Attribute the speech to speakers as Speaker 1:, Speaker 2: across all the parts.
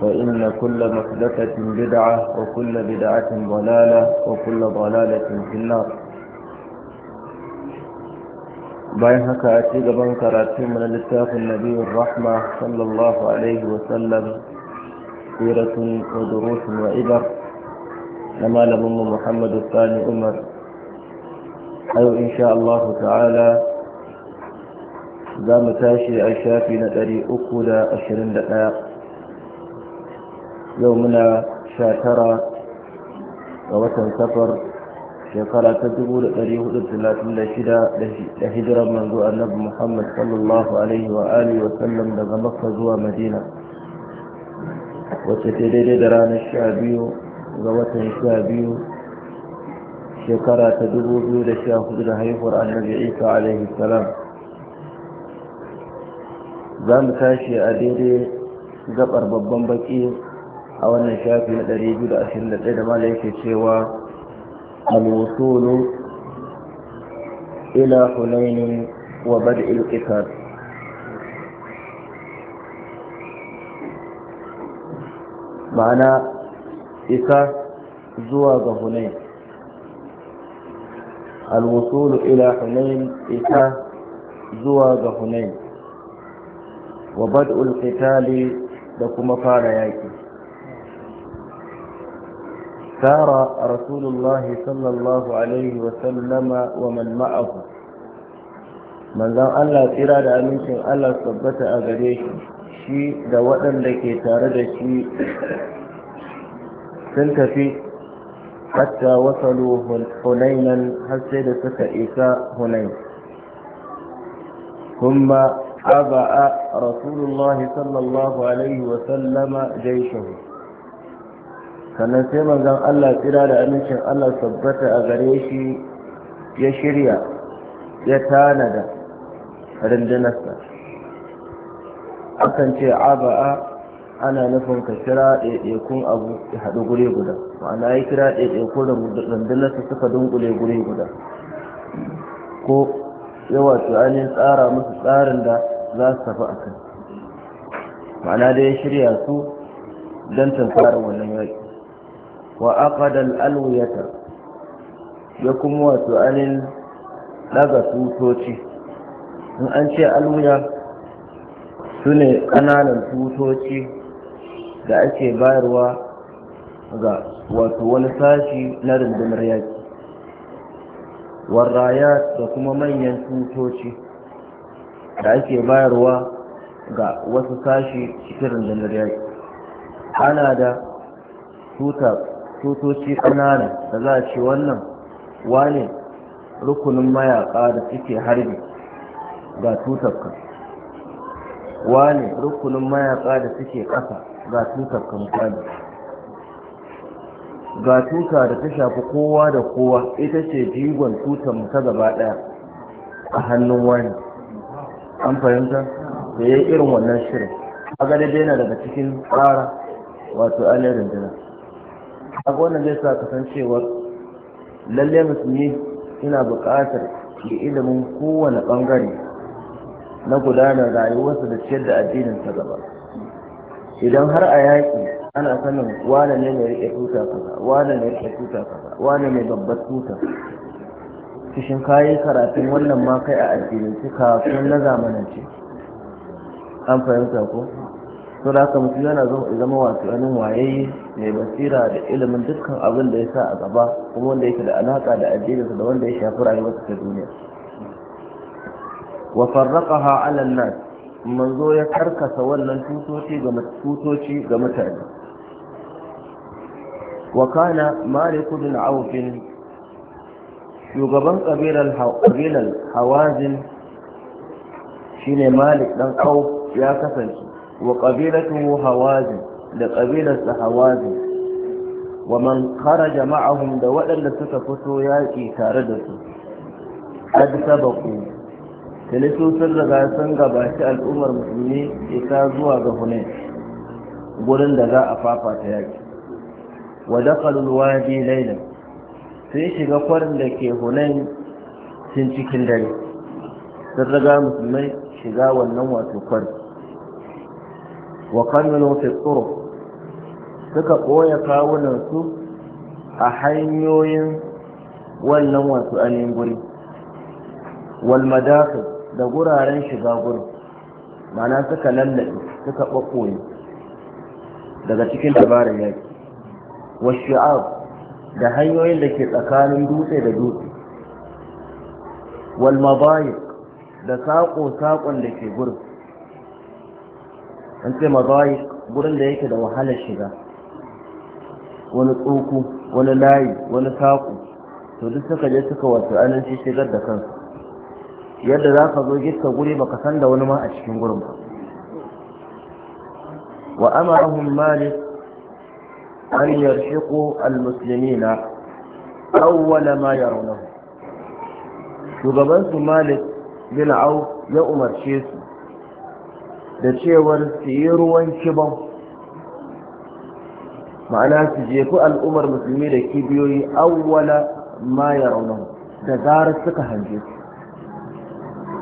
Speaker 1: فإن كل محدثة بدعة وكل بدعة ضلالة وكل ضلالة في النار باي هكا أتيق بنكر من الاتفاق النبي الرحمة صلى الله عليه وسلم سيرة ودروس وعبر لما لمم محمد الثاني أمر أيو إن شاء الله تعالى زام تاشي أشافي ندري أكل أشرين دقائق yau muna sha tara ga watan safar shekara ta dubu da ɗari hudu talatin da shida da hijirar manzo annabi muhammad sallallahu alaihi wa alihi wa sallam daga makka zuwa madina wacce ta daidai da ranar sha biyu ga watan sha biyu shekara ta dubu biyu da sha hudu da haihuwar annabi isa alaihi salam za mu tashi a daidai gabar babban baki a wannan shafi na 221 da mala yake cewa alwusulu ila hunainin wa bad'il qitar ma'ana isa zuwa ga hunain alwusulu ila hunain isa zuwa ga hunain wa bad'ul qitali da kuma fara yaki سار رسول الله صلى الله عليه وسلم ومن معه من ذا الله ترى لأمنشن الله ثبت أغريش شي دوادا لكي تارد شي سنتفي حتى وصلوا هنينا حسد سكئك هنين ثم أبأ رسول الله صلى الله عليه وسلم جيشه sannan sai manzan Allah tsira da amincin Allah sabbata a gare shi ya shirya ya tanada rundunarsa akan ce aba'a ana nufin ka kira ɗaiɗaikun abu ya haɗu gure guda ma'ana ya kira ɗaiɗaikun rundunarsa suka dunkule gure guda ko yawa ainihin tsara musu tsarin da za su tafi a kai ma'ana da ya shirya su don tankarar wannan yaƙi wa aqada alwiyata ya kuma wato anin daga tutoci in an ce alwiya su ne ƙananan tutoci da ake bayarwa ga wato wani sashi na rundunar yaƙi warraya da kuma manyan tutoci da ake bayarwa ga wasu sashi cikin rundunar yaƙi ana da tutar tutoci ƙanana da za a ce wannan wane rukunin mayaƙa da suke harbi ga tutarka wane rukunin mayaƙa da suke ƙasa ga tutarka misali ga tuta da ta shafi kowa da kowa ita ce jigon tutar ta gaba ɗaya a hannun wani an fahimta da ya irin wannan shirin a gada daina daga cikin tsara wato alerin rundunar abu wannan zai sa kasancewar lalle musulmi suna buƙatar da ilimin kowane ɓangare na gudanar rayuwarsa da ciyar da addinin ta gaba idan har a yaƙi ana sanin wane ne mai riƙe tuta kaza wane ne riƙe tuta kaza wane ne babbar tuta kishin kayi karatun wannan ma kai a addinin kafin na zamanance an fahimta ko to da haka mutum yana zama wasu wani wayayye mai basira da ilimin dukkan abin da ya sa a gaba kuma wanda yake da alaƙa da addininsa da wanda ya shafi rayuwarsa ta duniya wa farraqaha 'ala nas manzo ya karkasa wannan tutoci ga tutoci ga mutane wa kana malik bin auf shugaban kabilar kabilar hawazin shine malik dan auf ya kasance wa qabilatu hawazin da ƙabilarsa hawazi wa man kharaja ma'ahum da waɗanda suka fito yaƙi tare da su qad sabaqu tilisu sun riga sun gabaci al'ummar musulmi isa zuwa ga hunain gurin da za a fafata yaƙi wa dakhalul wadi laylan sun shiga kwarin da ke hunain tun cikin dare sun riga musulmai shiga wannan wato kwarin wa kamilu fi turuq suka ɓoye kawunansu a hanyoyin wannan wasu anin guri walmadafi da guraren shiga gurin mana suka lallaɓe suka ɓaɓɓoye daga cikin dabarar yaki washu'ab da hanyoyin da ke tsakanin dutse da dutse walmabayi da saƙo-saƙon da ke gurin an ce mabayi gurin da yake da wahalar shiga wani tsoko wani layi wani saƙo to duk suka je suka wato anan shi shigar da kansu yadda za ka zo gitta guri baka san da wani ma a cikin gurin ba wa amarahum malik an yarshiqu na awwala ma ya shugaban su malik bin au ya umarce su da cewar su yi ruwan kibon ma'ana su jefi al'ummar musulmi da kibiyoyi awwala ma ya rauna da zarar suka hange su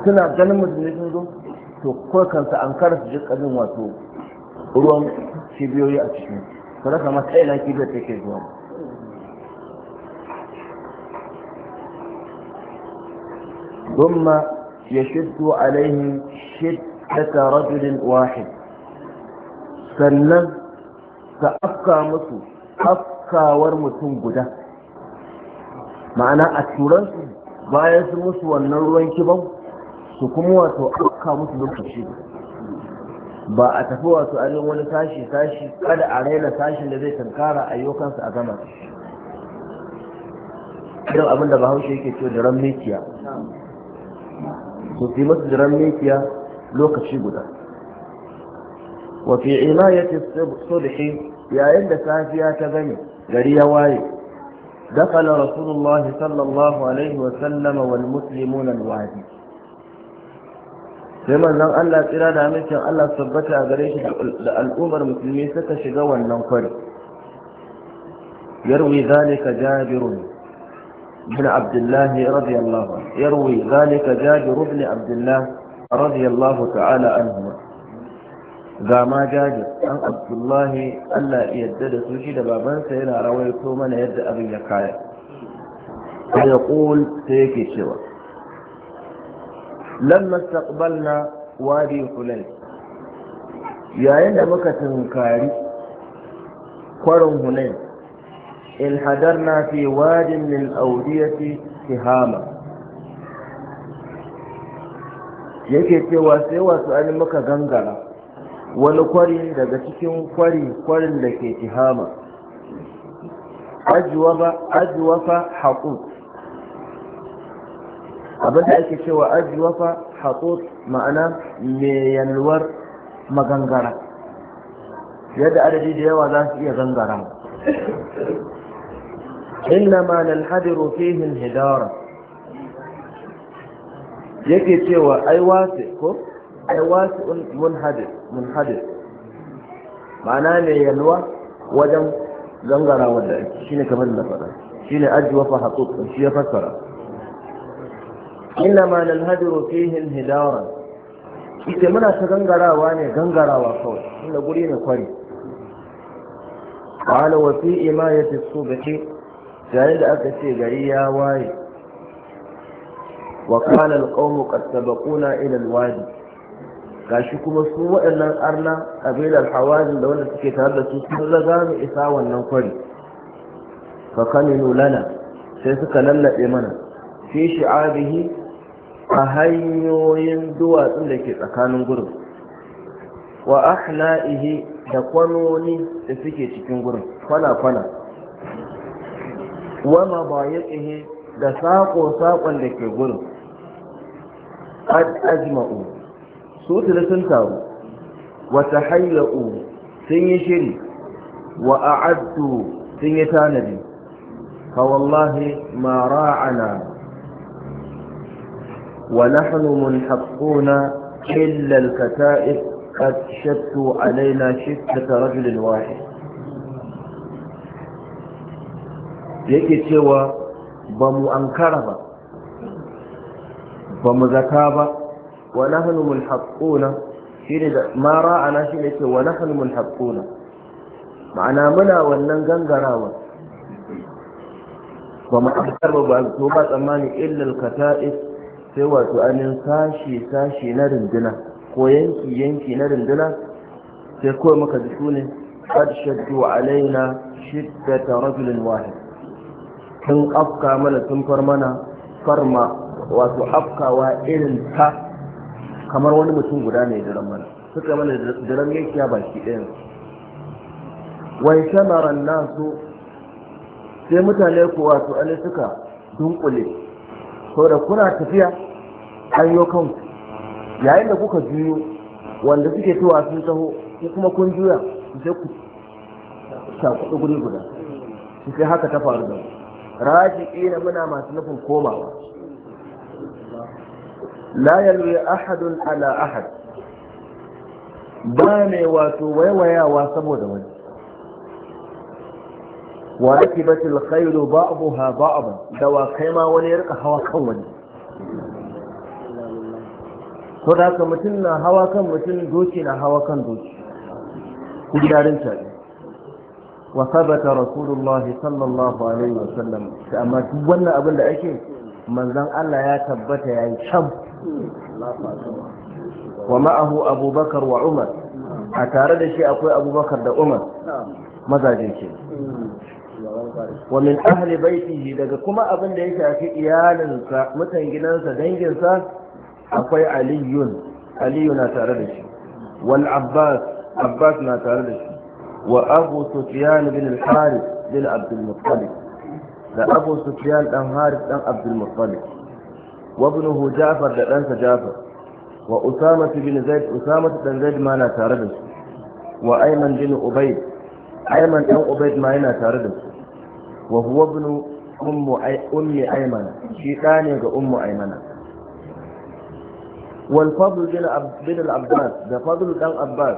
Speaker 1: suna ganin musulmi sun zo to kawai kansa an kara su jika jin wato ruwan kibiyoyi a cikin su rasa ma ta ina kibiyar ke zuwa ثم يشد عليهم شدة رجل واحد sannan ka afka musu afkawar mutum guda ma'ana a turansu bayan su musu wannan ruwan kiban su kuma wato afka musu lokaci ba a tafi wato a wani sashi-sashi kada a raina sashin da zai tankara ayyukansu a gama idan abin da bahaushe yake cewa diran mekiya su fi masu diran mekiya lokaci guda wa fi imayati subhi yayin da safiya ta gani gari ya waye دخل رسول الله صلى الله عليه وسلم والمسلمون الوادي sai manzon Allah tsira da amincin Allah tabbata a gare shi da al'ummar musulmi saka shiga wannan kwari yarwi zalika jabirun bin abdullah radiyallahu yarwi zalika ta'ala anhu ga ma jajir an abdullahi allah yadda da su shi da babansa yana rawaito mana yadda abin ya kaya sai ya ƙul sai yake cewa lamma na wadi hulai yayin da muka tunkari kwarin hulai ilhadar hadarna fi wadin min audiyati tihama yake cewa sai wasu an muka gangara wani kwari daga cikin kwari kwarin da ke tihama ajiwafa haƙut abinda ake cewa ajiwafa haƙut ma'ana mai yalwar magangara yadda adadi da yawa za su iya gangara إنما ننحدر fihin hidara yake cewa ai wasu ko ay wasi'un munhadir munhadir ma'ana ne yalwa wajen gangara wanda ake shine kamar da faɗa shine ajwa fa haquq shi ya fassara innama hadiru fihi Hidara. ita muna ta gangarawa ne gangarawa kawai inda guri ne kwari ima wa fi imayati subhi yayin da aka ce gari ya waye wa kana alqawmu qad sabaquna ila alwadi gashi kuma su waɗannan arna ƙabilar hawazin da wanda suke tare da su sun raga mu isa wannan kwari fa kaminu lana sai suka lallaɓe mana fi shi'abihi a hanyoyin duwatsun da ke tsakanin gurin wa ahla'ihi da kwanoni da suke cikin gurin kwana-kwana wa mabayaƙihi da saƙo-saƙon da ke gurin qad ajma'u su da sun taru wata hayyau sun yi shiri wa a'addu sun yi tanadi fa wallahi ma ra'ana wa nahnu munhaqquna illa al-kata'ib qad shattu alaina shittata rajulin wahid yake cewa ba mu ankara ba ba mu zaka ba wa nahnu mulhaquna shine da ma ra'ana shine ce wa nahnu mulhaquna ma'ana muna wannan gangarawa ba mu afkar ba ba to ba tsammani illal kata'is sai wato anin sashi sashi na rinduna ko yanki yanki na rinduna sai kawai muka ji sune qad shaddu alaina shiddata rajulin wahid kin afka mana tun farmana farma wato afkawa irin ta kamar wani mutum guda ne daren mana suka mana daren ya baki ɗayan wai samaran nasu sai mutane ku wato ale suka dunkule sau da kuna tafiya hanyo kanku yayin da kuka juyo wanda suke tuwa sun taho ko kuma kun juya sai ku shakuɗi guri guda sai haka ta faru da mu raji ina muna masu nufin komawa la yalwi ahadun ala ahad ba mai wato waiwayawa saboda wani wa rakibatil khaylu ba'daha ba'dan dawa kai ma wani ya rika hawa kan wani to da mutum na hawa kan mutum doki na hawa kan doki gudarin tare wa sabata rasulullahi sallallahu alaihi wasallam amma duk wannan abin da ake manzon Allah ya tabbata yayi shab wa ma'ahu abubakar wa umar a tare da shi akwai abubakar da umar mazaje ke wa min ahli baitihi daga kuma abin da ya shafi iyalinsa mutan gidansa danginsa akwai aliyun aliyu na tare da shi wal abbas abbas na tare da shi wa abu sufyan bin al-harith bin abdul muttalib da abu sufyan dan harith dan abdul muttalib وابنه جعفر لأنس جعفر وأسامة بن زيد أسامة بن زيد ما أنا تاردس وأيمن بن أبيد أيمن أو أبيد ما أنا تاردس وهو ابن أم أمي أيمن شيطاني أم أيمن والفضل بن بن العباس ده فضل بن عباس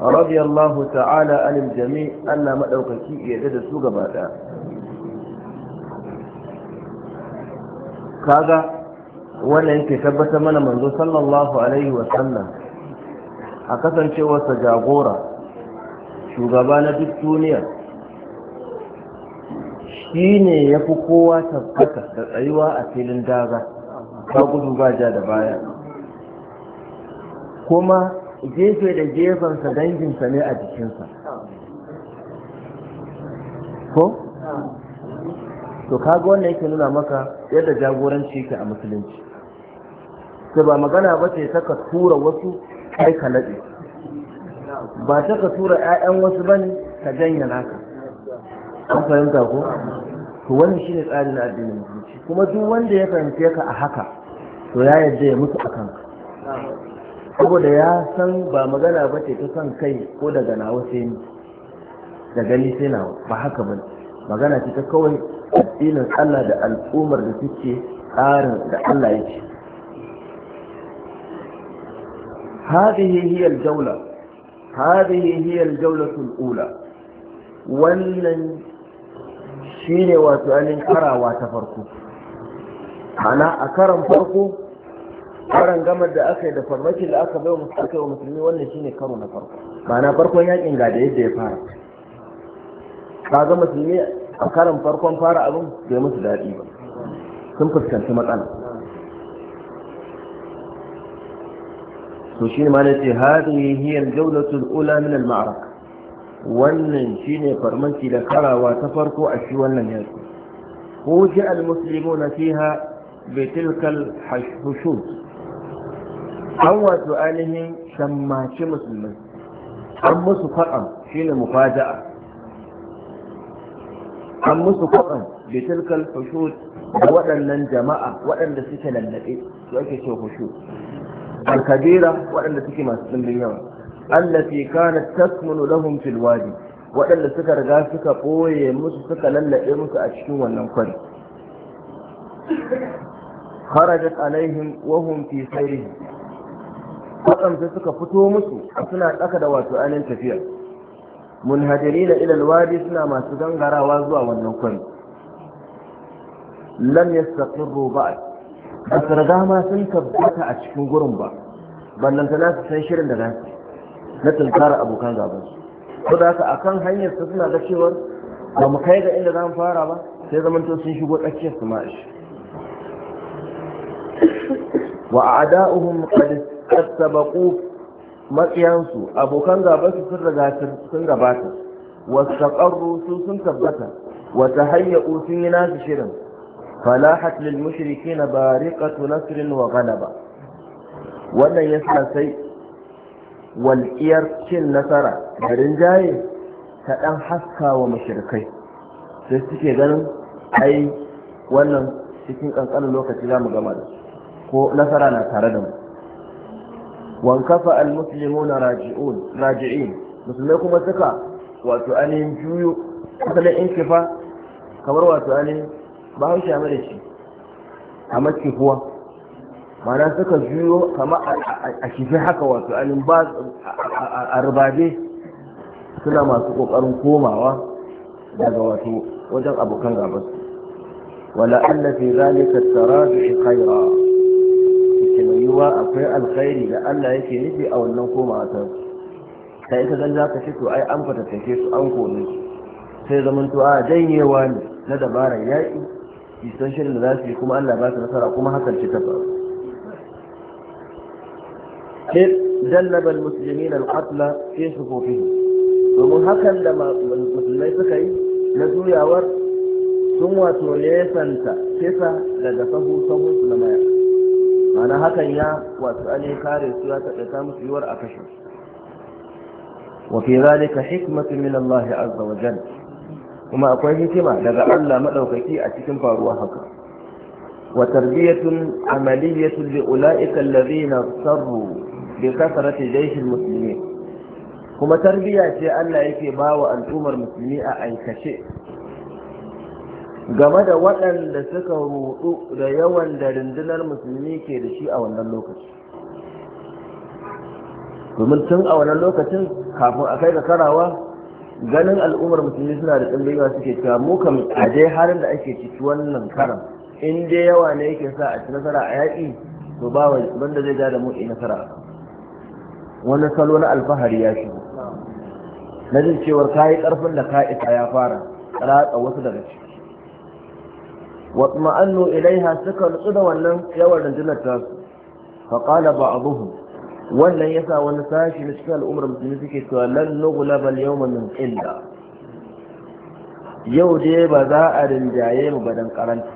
Speaker 1: رضي الله تعالى عن الجميع أن شيء يجد سوق بعدها هذا wannan yake tabbatar mana manzo sallallahu alaihi wasallam a kasancewarsa jagora shugaba na duk duniya shi ne ya fi kowa tabbata da tsayuwa a filin daga ta gudu ba ja da baya kuma gefe da gefensa danginsa ne a jikinsa ko? to kaga wannan yake nuna maka yadda jagoranci yake a musulunci ta ba magana ba ce ta ka tura wasu kai ka laɗe ba ta ka tura 'ya'yan wasu ba ne ka janya naka
Speaker 2: an fahimta ko
Speaker 1: to wannan shine tsari na addinin musulunci kuma duk wanda ya fahimci ka a haka to ya yadda ya mutu a kanka saboda ya san ba magana ba ce ta san kai ko daga nawa sai ni da gani sai nawa ba haka ba magana ce ta kawai addinin Allah da al'ummar da suke tsarin da Allah ya ce هذه هي الجولة هذه هي الجولة wannan shi wato ainihin karawa ta farko ana a karan farko karan gamar da aka yi da farmakin da aka bai wa musulmi wannan shi karo na farko ma'ana farkon yakin ga da yadda ya fara ka ga musulmi a karan farkon fara abin bai musu daɗi ba sun fuskanci matsala to shi ma nace hadhihi hiya al-jawlatu al min al-ma'arak wannan shine farmanci da karawa ta farko a shi wannan yaki ko ji al-muslimuna fiha bi tilka al-hushud an wato ainihin shammaci musulmai an musu faɗan shine mufaja'a an musu kwaɗan da tilkal hushud da waɗannan jama'a waɗanda suke lallaɓe su ake ce hushud alkabira waɗanda suke masu ɗimbin yawa allati kanat tasmunu lahum fil wadi waɗanda suka riga suka ɓoye musu suka lallaɓe musu a cikin wannan kwari kharajat alaihim wa hum fi sayrihim sai suka fito musu suna tsaka da wato ainihin tafiya munhadirina ila alwadi suna masu gangarawa zuwa wannan kwari lam yastaqirru ba'd ba su riga ma sun tabbata a cikin gurin ba ballan ta su san shirin da nasu na tunkara abokan gaban su ko da haka akan hanyar su suna da cewar ba mu kai ga inda za mu fara ba sai to sun shigo tsakiyar su ma'ashi wa a'da'uhum qad sabaqu matsiyansu abokan gaban su sun riga sun gabata wasu su sun tabbata wata hanyar sun yi nasu shirin falahat lil mushrikeen bariqatu nasrin wa ghalaba wannan yasa sai walƙiyar cin nasara da rinjaye ta ɗan haska wa mashirkai sai suke ganin ai wannan cikin kankanin lokaci za mu gama da ko nasara na tare da mu kafa al almuslimu na raji'in musulmai kuma suka wato ainihin juyo asalin inkifa kamar wato ainihin ba haushi shame da shi a matsi kuwa mana suka juyo kama a shifin haka wato alin ba a rubabe suna masu kokarin komawa daga wato wajen abokan gabas wala anna fi zalika tarafi khaira kuma yiwa akwai alkhairi da Allah yake nufi a wannan komawa ta sai ka zan zaka to ai an fata take su an kone sai zaman to a janyewa ne na dabarar yaƙi su san shirin da za su yi kuma Allah ba su nasara kuma hakan ce ta faru إذ جلب المسلمين القتل في صفوفهم domin hakan da musulmai suka yi na juyawar sun wato nesanta kisa daga sahu sahu su na maya mana hakan ya wato ane kare su ya taɗaita musu yiwuwar a kashe wa fi zalika hikmatu min Allah azza wa jalla kuma akwai hikima daga Allah maɗaukaki a cikin faruwa haka wa tarbiyatun amaliyatun li ulaika alladhina sarru bi kasrati jaysh musulmi. kuma tarbiyya ce Allah yake bawa al'ummar musulmi a aikace game da waɗanda suka rudu da yawan da rundunar musulmi ke da shi a wannan lokaci domin tun a wannan lokacin kafin a kai ga karawa ganin al'ummar musulmi suna da tsallewa suke cewa mu kam a dai harin da ake ciki wannan karan in dai yawa ne yake sa a ci nasara a yaƙi to ba wanda zai ja da mu in nasara wani salo na alfahari ya shigo na jin cewar ka yi ƙarfin da ka isa ya fara ratsa wasu daga ciki wa ma'annu ilaiha suka nutsu da wannan yawan rundunar tasu a buhu. wannan ya sa wani sashi na cikin al'ummar musulmi suke cewa lan bal al-yawma min illa yau dai ba za a rinjaye mu ba dan karanta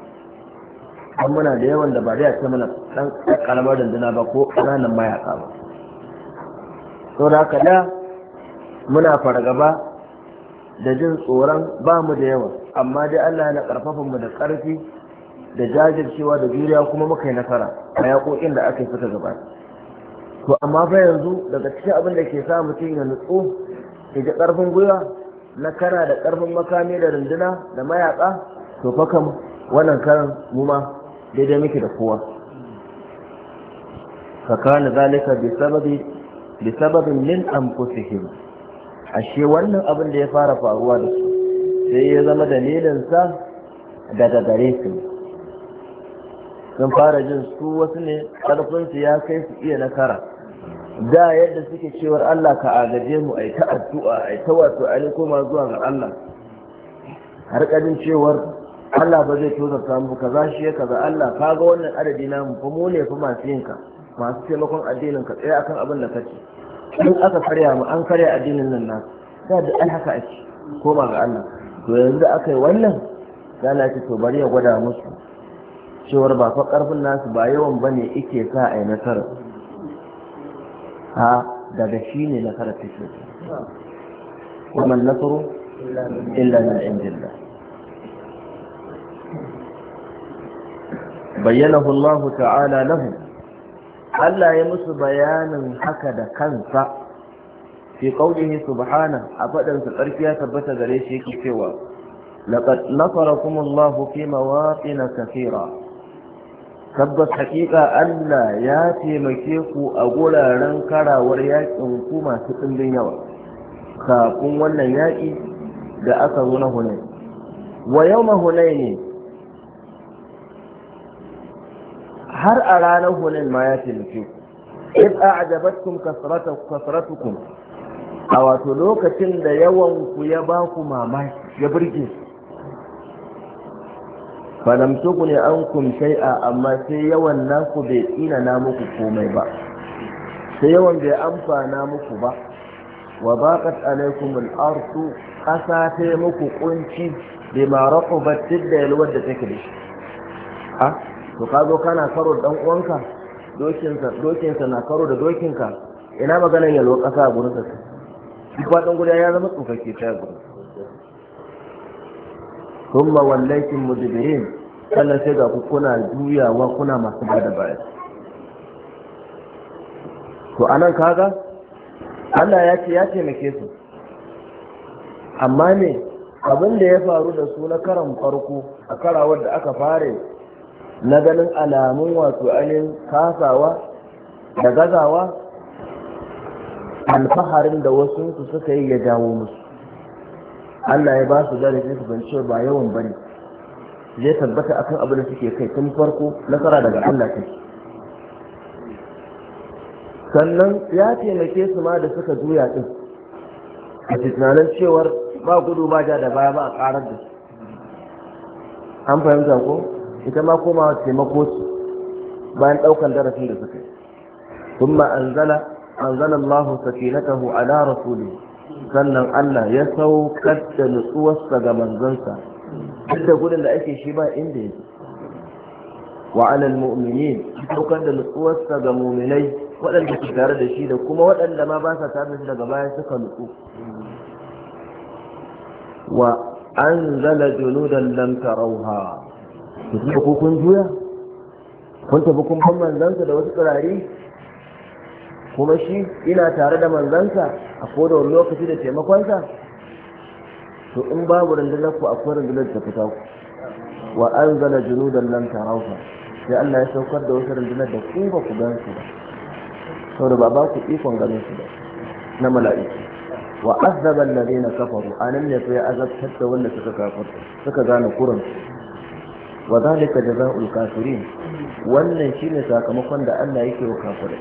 Speaker 1: an muna da yawan da ba zai ce mana dan karamar dandana ba ko ƙananan mayaka ba to da haka da muna fargaba da jin tsoron ba mu da yawa amma dai Allah yana karfafa mu da ƙarfi da jajircewa da juriya kuma muka yi nasara a yaƙoƙin da aka yi suka gabata to amma fa yanzu daga cikin abin da ke sa mutum ya nutsu ya ji ƙarfin gwiwa na kana da ƙarfin makami da runduna da mayaƙa to fa kam wannan karan mu ma daidai muke da kowa fa kana zalika bi sababi bi an min ashe wannan abin da ya fara faruwa da su sai ya zama dalilin sa daga gare su sun fara jin su wasu ne ƙarfinsu ya kai su iya nakara da yadda suke cewar Allah ka agaje mu yi ta addu'a ai ta wato koma zuwa ga Allah har ƙarin cewar Allah ba zai samu mu za shi ya kaza Allah ka ga wannan adadi namu fa mu ne fa masu yinka masu taimakon addinin ka tsaya akan abin da kake in aka karya mu an karya addinin nan nasu da da ai haka ake koma ga Allah to yanzu aka yi wannan ya na ce to bari ya gwada musu cewar ba fa karfin nasu ba yawan ba ne ike sa yi nasara ha daga shi ne nasara take
Speaker 2: kuma nasaru illa min
Speaker 1: indillah Bayyana Allah ta'ala lahu. Allah ya musu bayanin haka da kansa fi qawlihi subhana a faɗin sa tsarkiya tabbata gare shi yake cewa laqad nasarakum Allah fi mawaqin kathira tabbas haƙiƙa Allah ya taimake ku a guraren karawar yakin ku masu ɗimbin yawa kafin wannan yaƙi da aka zo na hunai. wa yau mahunai ne har a ranar hunin ma ya taimake ku in a'jabatkum kasratukum a wato lokacin da yawan ku ya ba ku mamaki ya burge su falam tukuni an shay'a amma sai yawan naku bai tsina na muku komai ba sai yawan bai amfana muku ba wa baqat alaykum al-ardu ƙasa ta muku kunci bi ma raqubat tidda yalwar da take da shi ha to ka zo kana karo dan uwanka dokinsa dokinsa na karo da dokin ka? ina maganan yalo kasa a gurin sa duk faɗin guda ya zama tsofaffi ta gurin ثم وليتم مدبرين sannan sai ga ku kuna juyawa kuna masu ba da baya to anan kaga Allah ya ce ya taimake su amma ne abin da ya faru da su na karan farko a karawar da aka fare na ganin alamun wato ainihin kasawa da gazawa alfaharin da wasu su suka yi ya jawo musu Allah ya ba su zarafi su bincewa ba yawan bane zai tabbata a kan abin da suke kai tun farko nasara daga Allah ta sannan ya taimake su ma da suka juya din a tunanin cewar ba gudu ba ja da baya ba a karar da su an fahimta ko ita ma komawa taimako su bayan ɗaukar darasin da suka yi ثم أنزل أنزل الله سكينته ala rasuli sannan Allah ya saukar da nutsuwarsa ga manzansa duk da gudun da ake shi ba inda yake wa alal mu'minin daukar da nutsuwarsa ga mu'minai waɗanda ke tare da shi da kuma waɗanda ma ba sa tare da shi daga baya suka nutsu wa an anzala junudan lam tarauha ku ji kun juya kun tafi kun ban manzansa da wasu tsirari kuma shi ina tare da manzansa a koda wani lokaci da taimakonsa to in babu rundunar ku akwai rundunar da fita ku wa an zala junudan nan tarauka sai Allah ya saukar da wasu rundunar da ku ba ku gan su ba saboda ba ba ku ikon ganin su ba na mala'iku wa azaba alladhina kafaru anan ne fa ya azabtar da wanda suka kafir suka gane kuran wa zalika jazaa'ul kafirin wannan shine sakamakon da Allah yake wa kafirai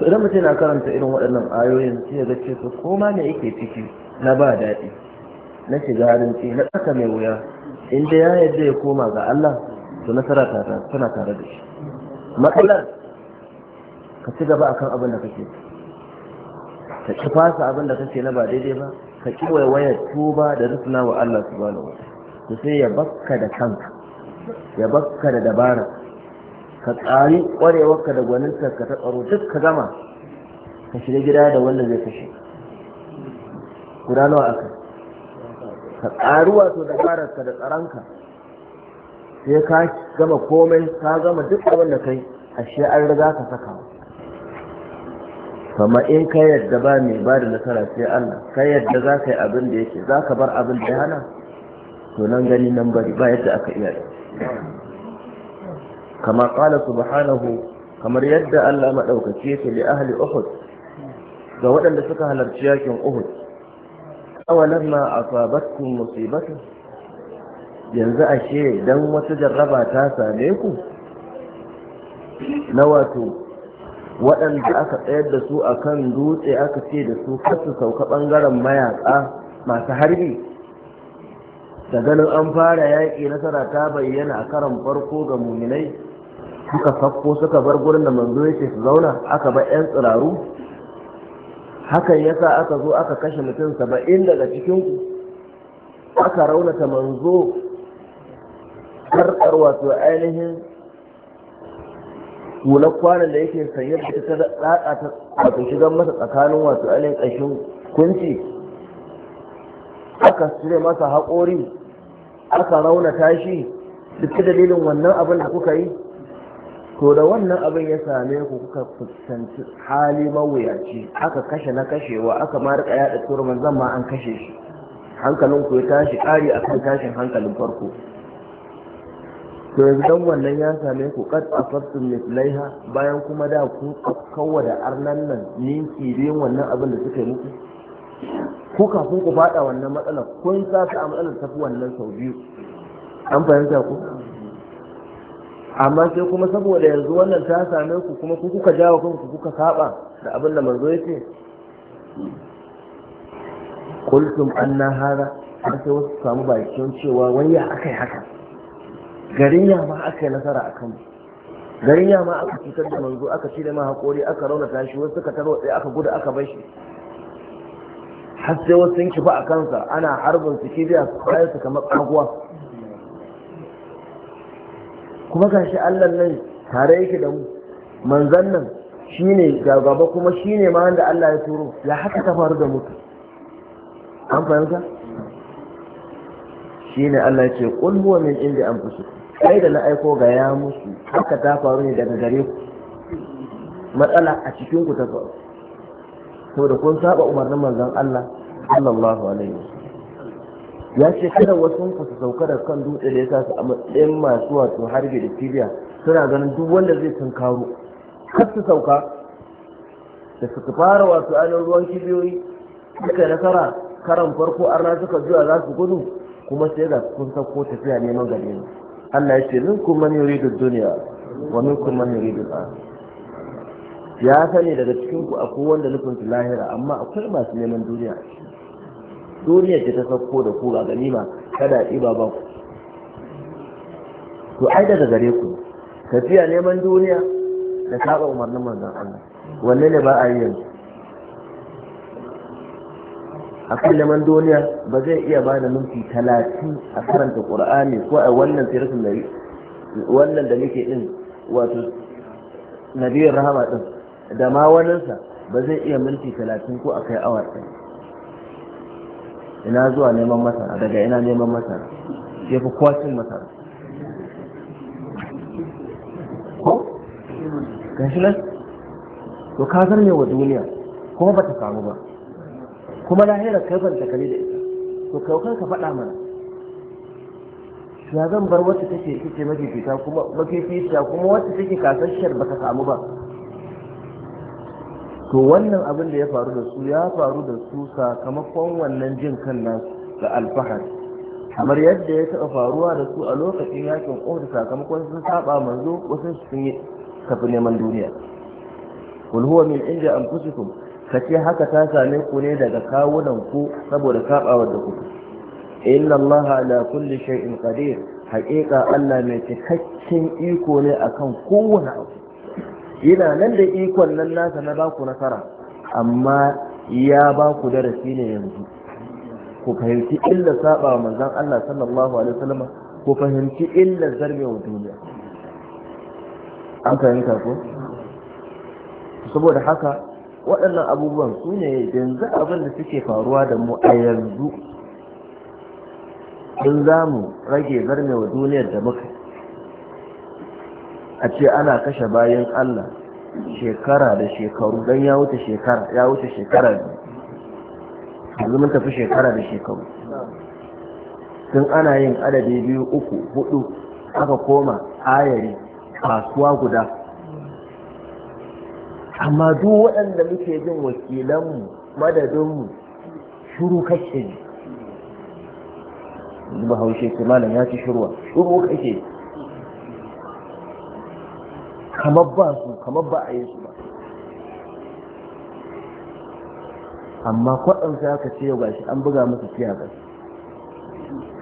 Speaker 1: to idan mutum na karanta irin waɗannan ayoyin sai ya ga ce ko ma ne yake ciki na ba daɗi na shiga harinci na tsaka mai wuya inda ya yadda ya koma ga Allah to nasara tana tare da shi matsalar ka ci gaba akan abin da kake ka ci fasa abin da kake na ba daidai ba ka ki waiwayar tuba da rufina wa Allah subhanahu wa ta'ala to sai ya bakka da kanka ya bakka da dabara ka tsari ƙwarewarka da gwaninta ka ta tsaro duk ka gama ka shiga gida da wanda zai kashe guda nawa aka ka tsari wato da fararka da tsaranka sai ka gama komai ka gama duk abin da kai ashe an riga ka saka kama in ka yadda ba mai ba da nasara sai Allah ka yadda za ka yi abin da yake za ka bar abin da ya hana to nan gani nan bari ba yadda aka iya da kama qala subhanahu kamar yadda Allah maɗaukace yake li ahli uhud ga waɗanda suka halarci yakin uhud awalan ma asabatkum musibatu yanzu ashe dan wata jarraba ta same ku na wato waɗanda aka tsayar da su a kan dutse aka ce da su kasu sauka ɓangaren mayaƙa masu harbi da ganin an fara yaƙi nasara ta bayyana a karan farko ga muminai suka fakko suka bar gurin da manzo yake su zauna aka bar 'yan tsiraru hakan yasa aka zo aka kashe mutum saba'in daga cikinku aka raunata manzo karkar wato ainihin hular kwanan da yake sanye da ta tsaka ta wato shigar masa tsakanin wato ainihin ƙashin kunci aka cire masa haƙori aka raunata shi duk dalilin wannan abin da kuka yi to da wannan abin ya same ku kuka fuskanci hali mawuyaci aka kashe na kashewa aka ma rika yaɗa turman zan ma an kashe shi hankalin ku ya tashi ƙari akan tashin hankalin farko to yanzu dan wannan ya same ku qad asabtum mislaiha bayan kuma da ku kawwa da arnan nan ninki biyan wannan abin da suka yi muku ku kafin ku faɗa wannan matsalar kun sa a matsalar tafi wannan sau biyu an fahimta ku amma sai kuma saboda yanzu wannan ta same ku kuma ku kuka jawo kanku kuka saba da abin da manzo yake kultum anna hada har sai wasu samu bakin cewa wai ya akai haka garin ya ma akai nasara a garin ya ma aka cutar da manzo aka cire ma haƙori aka raunata shi wasu suka tarwatse aka gudu aka bar shi har sai wasu sun kifa a kansa ana harbin su kibiya su kayan su kamar kaguwa kuma gashi Allah nan tare yake da mu manzan nan shine gaba kuma shine ma wanda Allah ya turo ya haka ta faru da mutu an fahimta shine Allah ya ce qul huwa min indi anfusikum kai da na aiko ga ya musu haka ta faru ne daga gare ku matsala a cikin ku ta faru saboda kun saba umarnin manzan Allah sallallahu alaihi wasallam ya ce kada wasu ku su sauka da kan dutse da ya sa su a matsayin masu wato harbe da tibiya suna ganin duk wanda zai tunkaro kar su sauka da suka fara wato ainihin ruwan kibiyoyi suka nasara karan farko an rana suka zuwa za su gudu kuma sai ga kun sauko tafiya neman gare ni Allah ya ce minkum man da duniya wa minkum man yuridu al ya sani daga cikin ku akwai wanda nufin lahira amma akwai masu neman duniya duniyar ta sauko da ku ga ganima kada yi ba ku to ai daga gare ku tafiya neman duniya da saba umarnin manzon Allah wanne ne ba a yi yanzu a kan neman duniya ba zai iya ba da minti talatin a karanta ƙur'ani ko a wannan sirrin da wannan da muke din wato nabiyar rahama din da ma waninsa ba zai iya minti talatin ko a kai awa ɗaya ina zuwa neman masara daga ina neman masara ya fi kwacin masara ko gashi nan to ka ne wa duniya kuma ba ta samu ba kuma lahirar kai ban takali da ita to kai ka faɗa mana ya zan bar wacce take kike fita, kuma mafifita kuma wacce take kasashiyar ba ta samu ba to wannan abin da ya faru da su ya faru da su sakamakon wannan jin kan nasu da alfahari kamar yadda ya taɓa faruwa da su a lokacin yakin ƙofar sakamakon sun saba manzo wasu sun yi tafi neman duniya kul huwa min inda anfusikum kace haka ta same ku ne daga kawunan ku saboda sabawa da ku inna allaha ala kulli shay'in qadir haƙiƙa Allah mai cikakken iko ne akan kowane abu yana nan da ikon nan nasa na baku nasara amma ya baku darasi ne yanzu ku fahimci illa saba manzan Allah sallallahu alaihi wasallam ku fahimci illa zarbe wa duniya an fahimta ko saboda haka waɗannan abubuwan su ne yanzu abin da suke faruwa da mu a yanzu in za mu rage zarmewa duniyar da muka a ce ana kashe bayan Allah shekara da shekaru don ya wuce shekara ya wuce shekara ne yanzu mun tafi shekara da shekaru tun ana yin adadi biyu uku hudu aka koma ayari kasuwa guda amma duk waɗanda muke jin wakilanmu madadinmu shuru ne ji haushe kimanin ya ci shurwa. shuru kashe kamar ba su kamar ba a yi su ba amma kwaɗansa aka ce yau gashi an buga musu fiya ba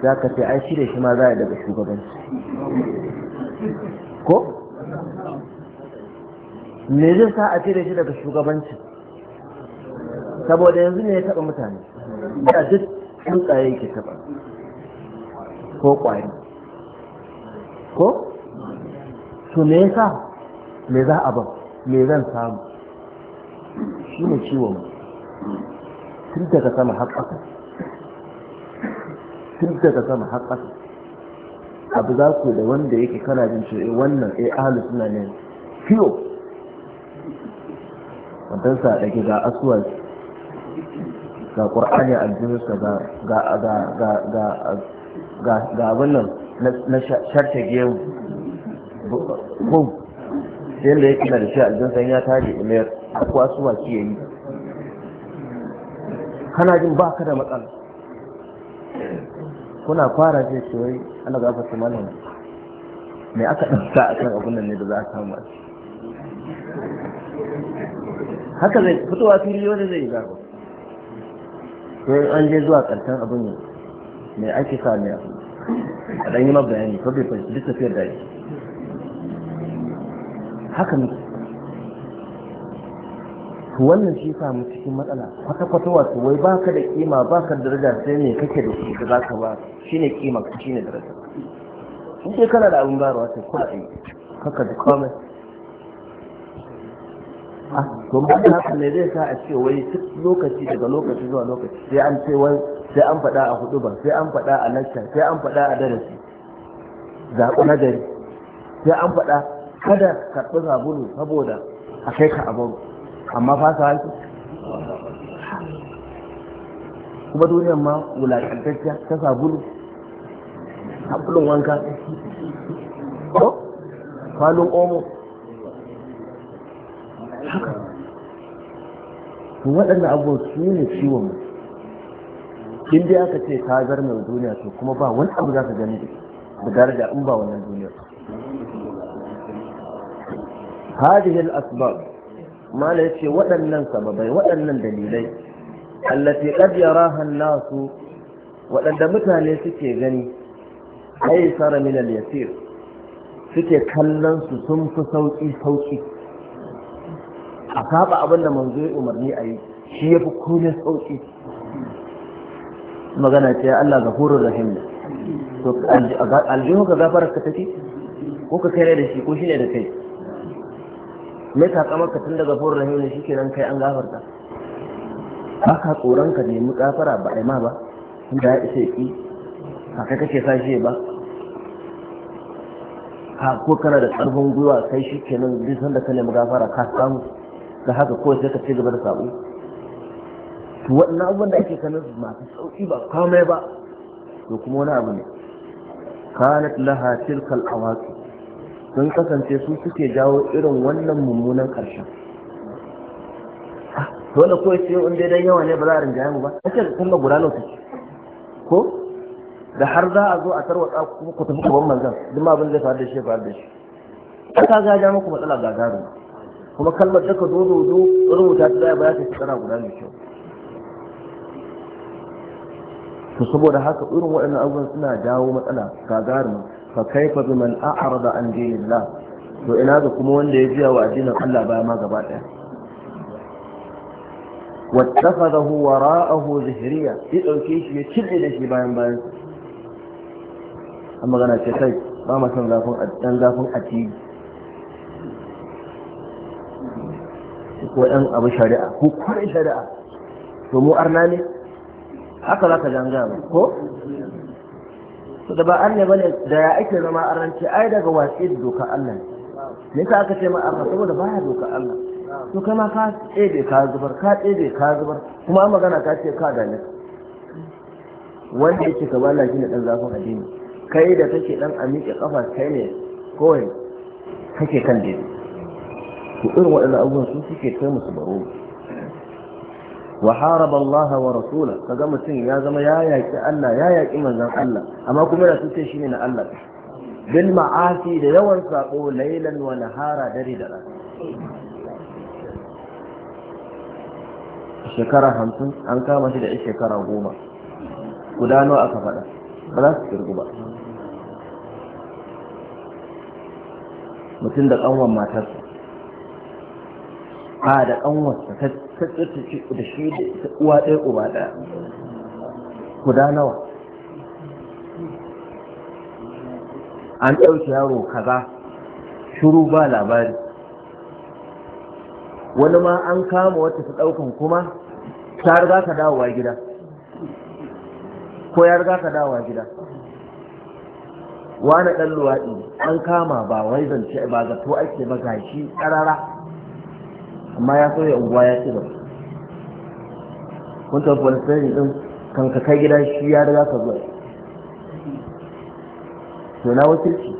Speaker 1: za ka ce ai shirya shi ma za a daga shugabanci ko me zai sa a shirya shi daga shugabanci saboda yanzu ne ya taɓa mutane da duk tsuntsaye yake taɓa ko ƙwari ko su me sa? me za a ban me zan samu shi ne ciwon tun daga sama har ƙasa tun daga sama har ƙasa abu za ku da wanda yake kana jin cewa eh, wannan eh ahlus suna ne fiyo wannan sa dake ga aswal ga qur'ani aljinus ga ga ga ga ga ga ga wannan na sharta game sai da yake na da shi aljinsan ya tare imayar akwa su waki ya yi kana jin ba ka da matsala kuna fara ce ce wai ana ka su malam mai aka ɗauka a kan abin nan ne da za a samu a haka zai fitowa fili wani zai yi gafa sai an je zuwa ƙarshen abin mai ake sa ne a ɗan yi mabayani ko bai fahimci duk tafiyar da ake haka ne wannan shi sa mu cikin matsala kwata kwata wasu wai ka da kima baka da daraja sai ne kake da shi da zaka ba shi ne kima shi ne daraja in dai kana da abin bayarwa sai kula ɗaya kaka da komai a ah, to da haka ne zai sa a ce wai duk lokaci daga lokaci zuwa lokaci sai an ce wai sai an faɗa a hudu ba sai an faɗa a lacca sai an faɗa a darasi zaɓi na gari sai an faɗa kada ka karɓi sabulu saboda a kai ka abu amma fasa haƙi kuma duniyar ma wulaƙantacciya ta sabulu sabulun wanka ko kwanon omo haka waɗanda abubuwan su ne ciwon mu in dai aka ce ta zarmar duniya to kuma ba wani abu za ka gani da daraja in ba wannan duniyar هذه الأسباب ما ليش ودن ننسى waɗannan ودن دليلي التي قد يراها الناس ودن دمتها ليسكي غني أيسر من اليسير suke kallon su sun fi sauƙi sauƙi a saba abin da manzo ya umarni a yi shi ya fi komai sauƙi magana ce Allah ga horon rahim ne to aljihun ka gafarar ka take ko ka kai da shi ko shi ne da kai mai ka tun daga furin rahim ne nan kai an gafarta ba ka tsoron ka nemi gafara ba ma ba inda ya isa yaki a kai kake sa shi ba ka ko kana da karfin gwiwa kai nan, duk sanda ka nemi gafara ka samu ga haka ko sai ka ci gaba da sabo to wannan abubuwan da ake kanin su masu sauki ba komai ba to kuma wani abu ne kanat laha tilkal awaki sun kasance su suke jawo irin wannan mummunan ƙarshen dole ko ya ce in dai dan yawa ne ba za a rinjaye mu ba a ce kuma guda nawa ko da har za a zo a tarwatsa kuma ku tafi gaban manzan, duk ma abin zai faru da shi faru da shi ka ga ja muku matsala gagarin kuma kalmar da ka zo da wudu rubuta ta da ba za ta tsara guda mai kyau to saboda haka irin waɗannan abubuwan suna jawo matsala gagarin فكيف بمن أعرض عن دين الله وإن هذا كمون ليزيا وأدين حلا ما قبل واتخذه وراءه ذهريا إذن كيف يتلعي لشي باين باين أما غنى الشيخي ما تنزافون تنزافون حتيب وأن أبو شريعة هو كل شريعة ومؤرناني حقا لك جانجامي هو to da ba ne bane da ya ake zama a ranci ai daga watsi doka Allah ne yasa aka ce ma arna saboda baya doka Allah to kai ma ka tsebe ka zubar ka tsebe ka zubar kuma an magana ka ce ka gane wanda yake ka bala shi ne dan zafin addini kai da kake dan a miƙe kafa kai ne kawai kake kan daidai to irin waɗannan abubuwan su suke kai musu baro wa haraba Allah wa rasula kaga mutum ya zama ya yaki Allah ya yaki manzon Allah amma kuma da sun ce shine na Allah bil ma'asi da yawan sako lailan wa nahara dare da rana shekara hamsin an kama shi da shekara goma guda nawa aka faɗa ba za su kirgu ba mutum da ƙanwar matarsa a da ƙanwar ta ta tsirtace da shi da uwa ɗaya uba ɗaya guda nawa an ɗauki yaro kaza shuru ba labari wani ma an kama wata ta ɗaukan kuma ta riga ka dawowa gida ko ya riga ka dawowa gida wani ɗan luwaɗi an kama ba wai zance ba zato ake ba gashi ƙarara amma ya sauya unguwa ya ci gaba kun tafi wani sani din kanka kai gida shi ya riga ka zuwa to na wakilci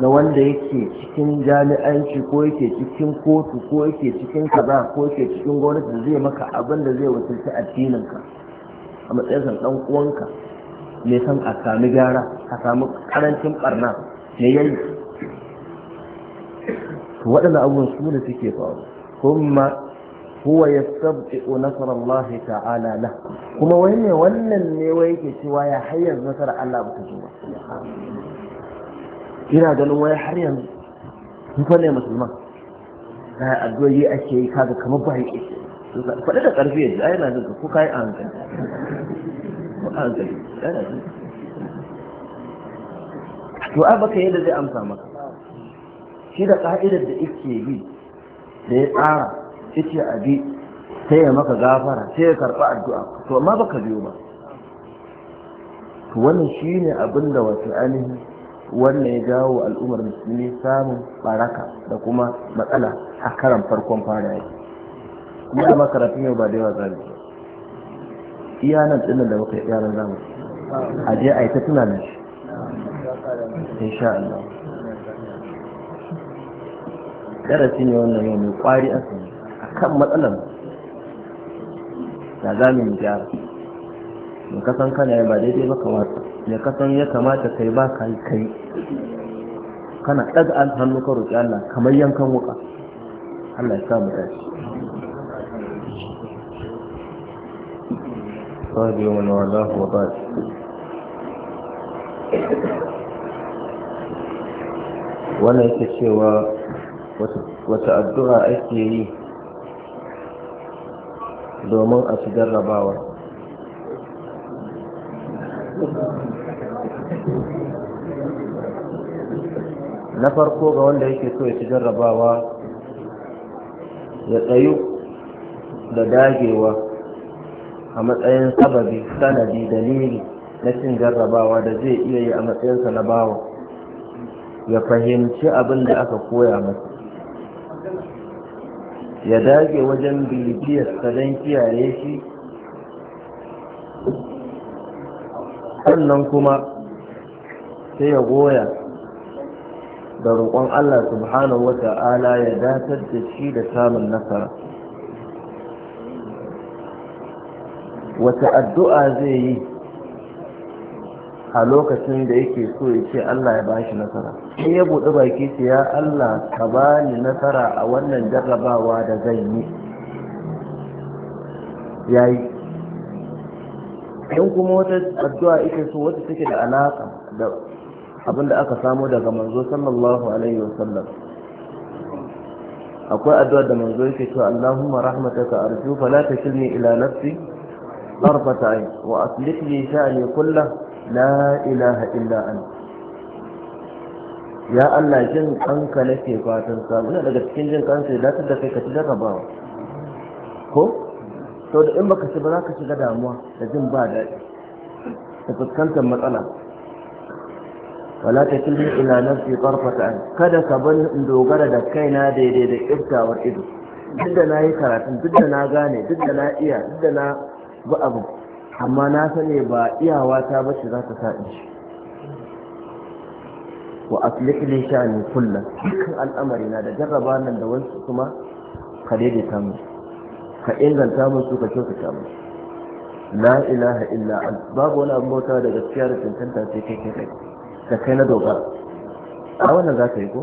Speaker 1: na wanda yake cikin jami'anci ko yake cikin kotu ko yake cikin kaza ko yake cikin gwamnati da zai maka abin da zai wakilci addininka a matsayin ɗan uwanka ne san a sami gyara a sami karancin barna ne yayi to waɗannan abubuwan su ne suke faru kuma huwa yastabti'u nasara Allah ta'ala la kuma wai ne wannan ne wai yake cewa ya har yanzu nasara Allah ba ta zo ba ina ganin wai har yanzu sun fa ne musulman ga addu'o'i ake yi kaga kamar ba yake. faɗi da ƙarfi yanzu ai na jin ko kai an hankali ko an hankali to ai baka yadda zai amsa maka shi da ka'idar da ike bi da ya tsara ce a bi sai ya maka gafara sai ya karɓi addu'a to amma baka biyo ba Wani wannan shine abin da wasu ainihin wannan ya jawo al'ummar musulmi samun baraka da kuma matsala a karan farkon fara yi kuma da makarafin yau ba da yawa zabi iya nan dinnan da muka yi yaran zamu
Speaker 2: a je a yi ta tunanin shi insha Allah
Speaker 1: darasi ne wannan yau mai kwari a kan matsalar da za mu yi gyara mai kasan kana ba daidai ba kamata mai kasan ya kamata kai ba ka yi kai kana ɗaga an hannu ka roƙi Allah kamar yankan wuka Allah ya samu tashi صادق من والاه وبعد wannan yake cewa wata addu'a ake yi domin a ci jarrabawa na farko ga wanda yake so ya ci jarrabawa ya tsayu da dagewa a matsayin sababi sanadi dalili na cin jarrabawa da zai iya yi a matsayinsa na bawa ya fahimci abin da aka koya masa ya dage wajen bibiyarsa don kiyaye shi sannan kuma sai ya goya da roƙon Allah subhanahu wa ta'ala ya datar da shi da samun nasara wata addu'a zai yi a lokacin da yake so ya ce Allah ya bashi nasara in ya buɗe baki ce ya Allah ka bani nasara a wannan jarrabawa da zan yi yayi in kuma wata addu'a ita so wata take da alaka da abin da aka samu daga manzo sallallahu alaihi wasallam akwai addu'a da manzo yake cewa Allahumma rahmataka arju fala tashilni ila nafsi طرفة Wa aslih li sha'ni kullahu la ilaha illa anta ya Allah jin kanka nake fatan samu ina daga cikin jin kanka da ta da kai ka ci jarrabawa ko to da in baka ci ba za ka shiga damuwa da jin ba daɗi da fuskantar matsala wala ta kilmi ila nafsi qarfata kada ka bar dogara da kaina daidai da iftawar ido duk da na yi karatun duk da na gane duk da na iya duk da na bi abu amma na sani ba iyawa ta bace za ta sa shi wa aslih sha ne kulla dukkan al'amari na da jarraba nan da wasu kuma ka daidaita mu ka inganta mu su ka kyautata mu la ilaha illa an babu wani abu bauta da gaskiya da cancanta sai kai kai ka kai na dogara a wannan za ka yi ko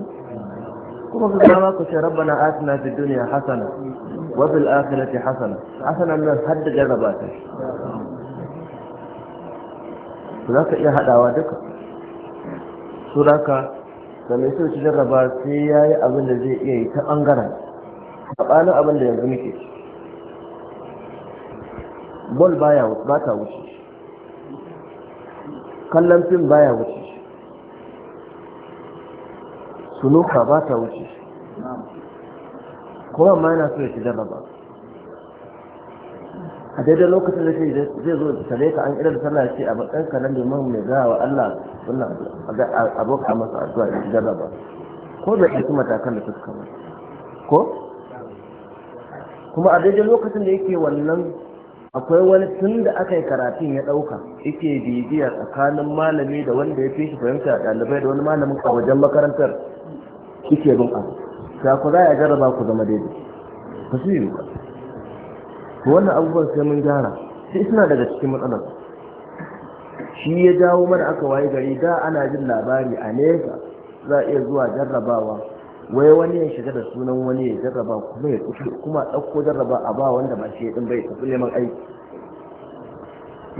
Speaker 1: kuma ka ga ma ku ce rabbana atina fid dunya hasana wa fil akhirati hasana hasana nan har da jarraba ta su za ka iya haɗawa duka su ka da mai so ci jarraba sai ya yi abin da zai iya yi ta ɓangaren saɓanin abin da yanzu muke bol baya ba ta wuce kallon fim baya wuce sunuka ba ta wuce kuma ma yana so ya ci jarraba a daidai lokacin da zai zo tare ka an irin sallah ce a matsayin ka na liman mai gaya wa Allah wannan abokan masa addu'a ya jarraba ko da ɗauki matakan da suka kama ko kuma a daidai lokacin da yake wannan akwai wani tun da aka yi karatun ya ɗauka yake bibiya tsakanin malami da wanda ya fi shi fahimta ɗalibai da wani malamin a wajen makarantar yake bin abu ta ku za a jarraba ku zama daidai ku su yi wannan abubuwan sai mun gyara sai suna daga cikin matsalar shi ya jawo mana aka waye gari da ana jin labari a nesa za a iya zuwa jarrabawa wai wani ya shiga da sunan wani ya jarraba kuma ya kusa kuma ɗauko jarraba a ba wanda ba shi ya ɗin bai tafi neman aiki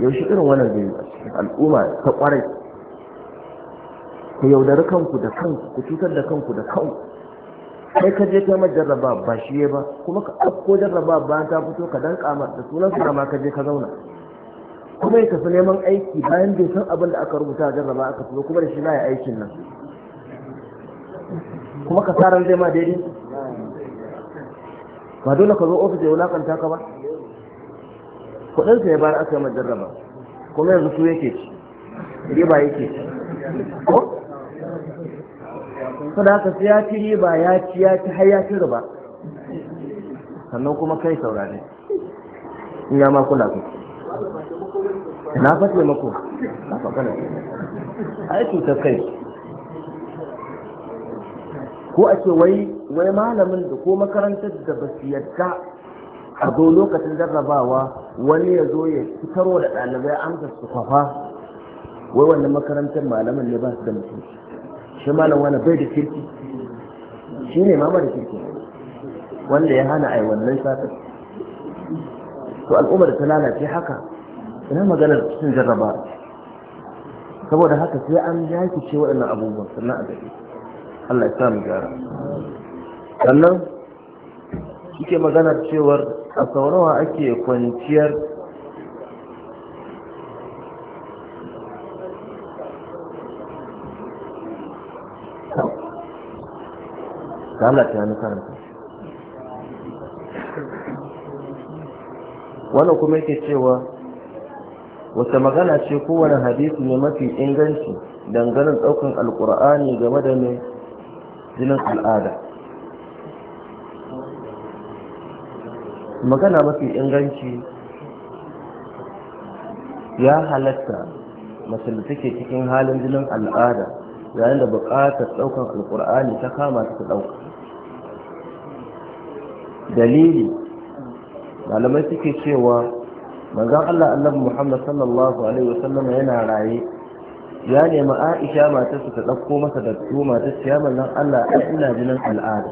Speaker 1: yaushe irin wannan zai yi al'umma ta ƙwarai ku yaudari kanku da kanku ku cutar da kanku da kanku kai ka je kai mai jarraba ba shi ba kuma ka ko jarraba bayan ta fito ka dan kama da sunan suna ma ka je ka zauna kuma ya tafi neman aiki bayan bai san abin da aka rubuta a jarraba aka fito kuma da shi za a aikin nan kuma ka saran zai ma daidai ba dole ka zo ofis ya wulakanta ka ba kuɗinsa ya bayar aka yi ma jarraba kuma yanzu su yake ci riba yake
Speaker 2: ci saboda haka sai ya ci
Speaker 1: riba ya ci ya ci har ya ci riba sannan kuma kai saurare in ya ma kula ku
Speaker 2: na fa taimako na fa ai cutar kai ko
Speaker 1: a ce wai wai malamin da ko makarantar da ba su yadda a zo lokacin jarrabawa wani ya zo ya fitarwa da ɗalibai amsa su kwafa wai wannan makarantar malamin ne ba su da mutunci shi malam wani bai da kirki shi ne mamar da kirki wanda ya hana ai wannan satar to al'ummar ta lalace haka ina maganar cikin jarraba saboda haka sai an ce waɗannan abubuwan sannan a gari Allah ya sa mu gyara sannan ke maganar cewar a saurawa ake kwanciyar Allah ta yana karanta wannan kuma yake cewa wata magana ce kowane hadisi ne mafi inganci dangane ɗaukan alkur'ani game da mai jinin al'ada magana mafi inganci ya halatta mace da take cikin halin jinin al'ada yayin da buƙatar ɗaukan Alƙur'ani ta kama ta ɗauka dalili malamai suke cewa manzon Allah annabi Muhammad sallallahu alaihi wasallam yana raye ya nemi Aisha matarsa ta dauko masa da tuma ta ce manzon Allah ai ina jinin al'ada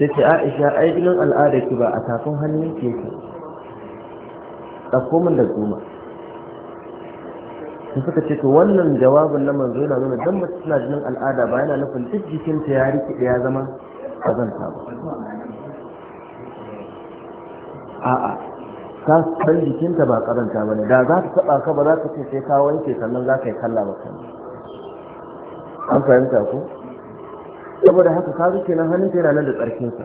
Speaker 1: sai ce Aisha ai jinin al'ada ki ba a tafin hannun ki yake ɗauko min da tuma sai suka ce to wannan jawabin na manzo yana nuna dan mace tana jinin al'ada ba yana nufin duk jikinta ya rike ya zama kazanta
Speaker 2: ba
Speaker 1: a'a ka san jikinta ba karanta bane da za ka taba ka ba za ka ce sai ka wanke sannan za ka yi kalla ba kan an fahimta ko saboda haka ka zuke nan hannun yana nan da tsarkinsa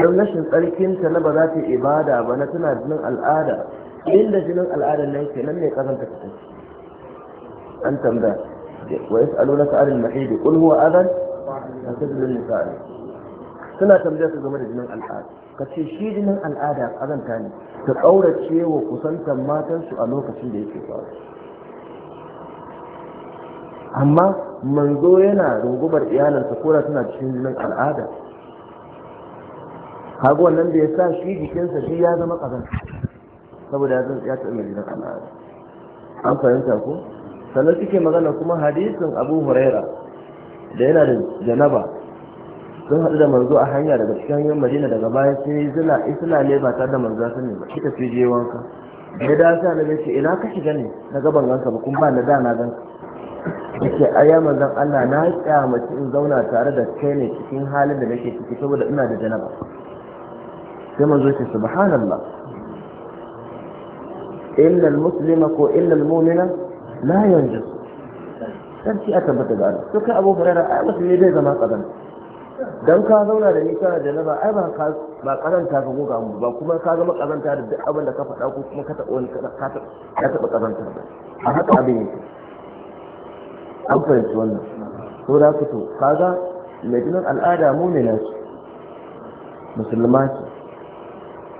Speaker 1: don rashin tsarkinta na ba za ta ibada ba na tana jinin al'ada inda jinin al'ada nan ke nan ne karanta ta tafi an tambaya wa yas'alunaka 'anil mahidi qul huwa adan fa tadlu nisa'a suna tambaya su game da jinin al'ada ka ce shi jinin al'ada azanta ne ta ƙaurace wa kusantar matansu a lokacin da yake faru amma manzo yana rungumar iyalinsa ko suna cikin jinin al'ada hagu wannan da ya sa shi jikinsa shi ya zama ƙazan saboda ya zama ya taɓa jinin al'ada an fahimta ko sannan suke magana kuma hadisin abu huraira da yana da janaba sun haɗu da manzo a hanya daga cikin hanyar madina daga baya sai ya zina isla ne ba tare da manzo sun ne ba shi tafi je wanka ya da sa na ce ina ka shiga ne na gaban ganka ba kuma ba na da na ganka yake aya manzon Allah na kyamaci in zauna tare da kai ne cikin halin da nake ciki saboda ina da janaba sai manzo ce subhanallah illa almuslima ko illa almu'mina la yanjus sarki a tabbata da Allah to kai Abu Hurairah ai musulmi zai zama kazanta dan ka zauna da ni kana da naba ai ba ka ba karanta ka goga mu ba kuma ka zama makaranta da duk abin da ka faɗa ko kuma ka taɓa wani ka taɓa karanta ba a haka abin yake an fahimci wannan to da ka to kaga mai jinin al'ada mu ne na su? musulma ce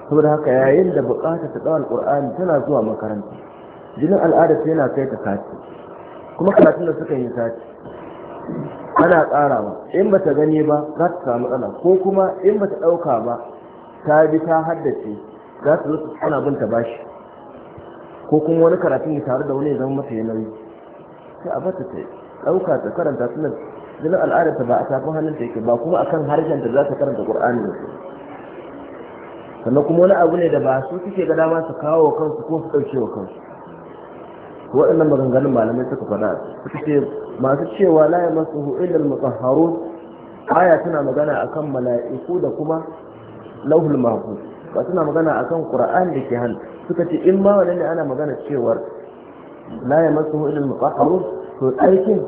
Speaker 1: saboda haka yayin da bukata ta tsawon qur'ani tana zuwa makaranta jinin al'ada sai yana kai ta sati kuma karatun da suka yi sati kana ba, in ba ta gani ba za ta samu matsala ko kuma in ba ta ɗauka ba ta bi ta haddace za ta zuwa tsana ana bin ta bashi ko kuma wani karatun ya tare da wani ya zama mata yanayi sai a bata ta ɗauka ta karanta suna jinin al'adarta ba a safin hannun ta yake ba kuma akan harshen da za ta karanta ƙur'ani ne sannan kuma wani abu ne da ba su suke ga dama su kawo kansu ko su ɗauke wa kansu waɗannan maganganun malamai suka faɗa suka ce masu cewa la yamassuhu illa al-mutahharun aya tana magana akan mala'iku da kuma lauhul mahfuz ba tana magana akan qur'an da ke hannu suka ce in ma wannan ana magana cewar la yamassuhu illa al-mutahharun to aikin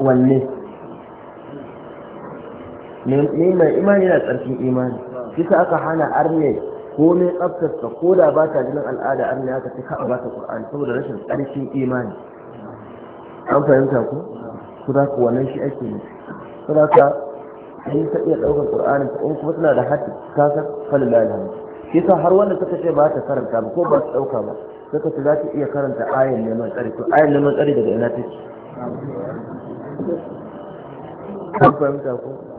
Speaker 1: wanne ne mai imani yana tsarkin imani kisa aka hana arne komai tsaftarsa ko da ba ta jinin al'ada an ya kace ka ba ta qur'ani saboda rashin ƙarfin imani an fahimta ku su za ku wannan shi ake ne Su za ka in ta iya ɗaukar qur'ani ta in kuma suna da hati ka san falil alhamd shi sa har wanda suka ce ba ta karanta ba ko ba su ɗauka ba suka ce za ta iya karanta ayan neman tsari ko ayan neman tsari daga ina take an fahimta ku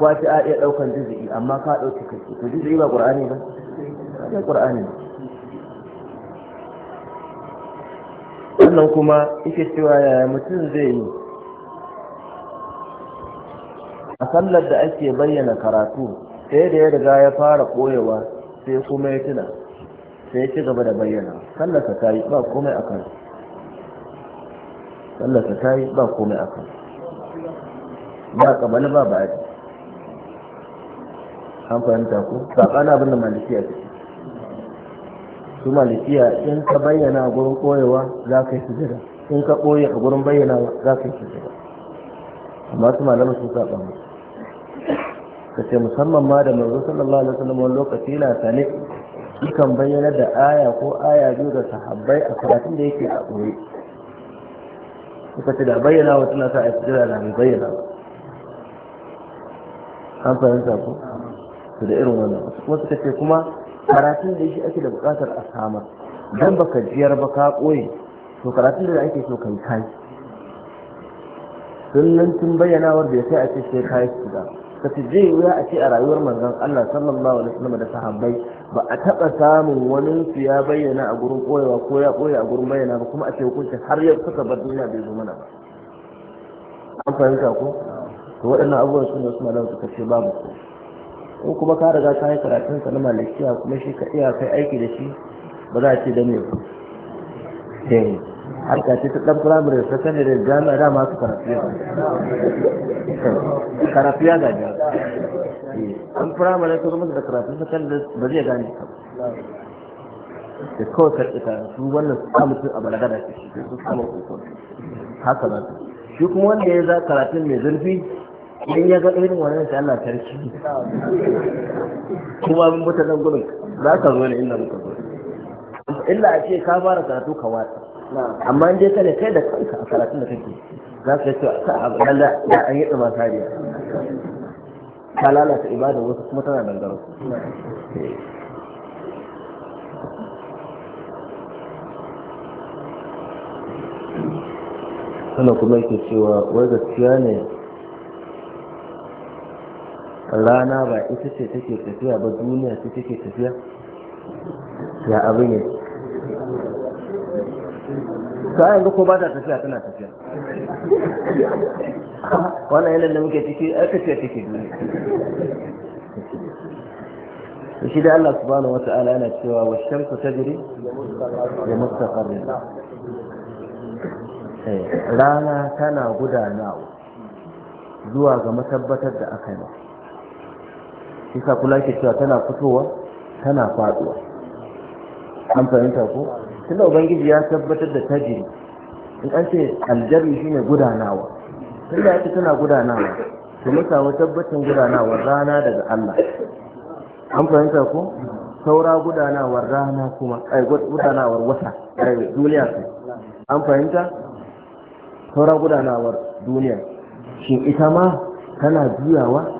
Speaker 1: kwafi a iya ɗaukan juzi'i amma ka ɗauki kake to juzi'i ba ƙur'ani ba ba ƙur'ani wannan kuma yake cewa yaya mutum zai yi a sallar da ake bayyana karatu sai da ya riga ya fara koyewa sai kuma ya tuna sai ya ci gaba da bayyana sallar ta yi ba komai a kan sallar ta yi ba komai a kan ba kamar ba ba an fahimta ko saɓana abin da malikiya ta su malikiya in ka bayyana a gurin koyewa za ka yi sujada in ka koye a gurin bayyana za ka yi sujada amma su malamin sun saɓa mu ka ce musamman ma da manzo sallallahu alaihi wasallam wani lokaci na sane yakan bayyana da aya ko aya biyu da sahabbai a karatun da yake a ɓoye suka ce da bayyana wa tana sa a sujada da mai bayyana an fahimta ko su da irin wannan wasu ka ce kuma karatun da shi ake da buƙatar a samar don baka jiyar ba ka koyi to karatun da ake so kai kai nan tun bayyanawar da ya kai a ce sai kai su da ka ce zai wuya a ce a rayuwar manzon Allah sallallahu alaihi wasallam da sahabbai ba a taɓa samun wani su ya bayyana a gurin koyewa ko ya koya a gurin bayyana ba kuma a ce hukunci har yau suka bar duniya bai zo mana ba an fahimta ko to waɗannan abubuwan sun da su malam suka ce babu ko ko kuma ka riga ka yi karatun sa na malikiya kuma shi ka iya kai aiki da shi ba za a ce da me ba eh, ka ce ta dan firamare ta sani da jami'a da masu karafiya karafiya ga ne eh, an firamare ta zama da karatun ta kan ba zai gane ka da kawai karɓi karatu wannan su kama tun a balagada shi su samu kokon haka za su shi kuma wanda ya za karatun mai zurfi in ya ga irin wannan sai Allah tarki kuma mun buta nan gurin za ka zo ne inda muka zo illa a ce ka fara karatu ka watsa amma in dai kana kai da kanka a karatun da kake za ka ce ka Allah ya an yi tsama sariya ka lalata ibada wasu kuma tana dangaro sannan kuma yake cewa wai gaskiya ne rana ba ita ce take tafiya ba duniya ce take tafiya ya abin ya ta ga ko ba ta tafiya tana tafiya wannan yanar da muke ciki ai tafiya take duniya shi da Allah subhanahu wata'ala yana cewa wa shamsu jiri da mustaqarrin eh, rana tana gudanawa zuwa ga matabbatar da aka yi shi sa kula ke cewa tana fitowa tana faduwa an fahimta ko tunda ubangiji ya tabbatar da tajiri in an ce aljari ne gudanawa tunda yake tana gudanawa to mu samu tabbacin gudanawa rana daga Allah an fahimta ko saura gudanawar rana kuma ai gudanawar wata ai duniya ce an fahimta saura gudanawar duniya shin ita ma tana juyawa